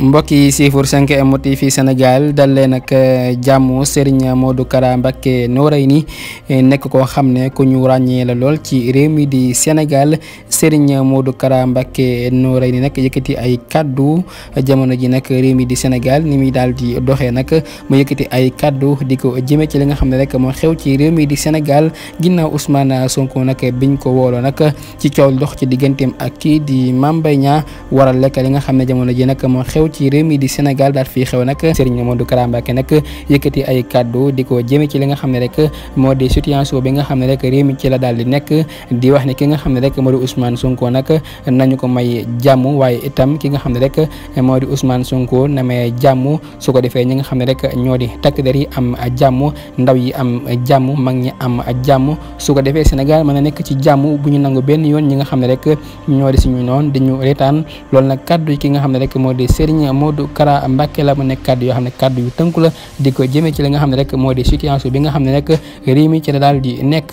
mbokk yi siifur 5M TV Sénégal dal leen ak eh, jàmm Serigne Modou Kara Mbacké Noreyni eh, nekk koo xam ne ku ñu ràññee la lool ci réew mi di Sénégal Serigne Modou Kara Mbacké Noreyni nag yëkkati ay kàddu jamono ji nag réew mi di Sénégal ni muy daal di doxee nag mu yëkkati ay kàddu di ko jëme ci li nga xam ne rek moo xew ci réew mi di Sénégal ginnaaw Ousmane Sonko nag biñ ko wooloo nag ci coow dox ci digganteem ak kii di Mame Mbaye waral lekk li nga xam ne jamono ji nag moo xew ci réew mi di Sénégal daal fii xew nag Serigne Modou Kara Mbacké nag yëkkati ay kàddu di ko jëme ci la wax ne ki nga xam ne rek moo di Ousmane Sonko nag nañu ko may jàmm waaye itam ki nga xam ne rek moo di Ousmane Sonko na may jàmm su ko defee ñi nga xam ne rek ñoo di takk der yi am jàmm ndaw yi am jàmm mag ñi am jàmm su ko defee Sénégal mën na nekk ci jàmm bu ñu nangu benn yoon ñi nga xam ne rek ñoo di suñu noon dañu reetaan loolu nag kàddu ki nga xam ne rek moo di Serigne Serigne Modou Kara Mbacké la mu nekk kaddu yoo xam ne kaddu yu tënku la di ko jëmee ci li nga xam ne rek moo di situation bi nga xam ne rek réew mi ci daal di nekk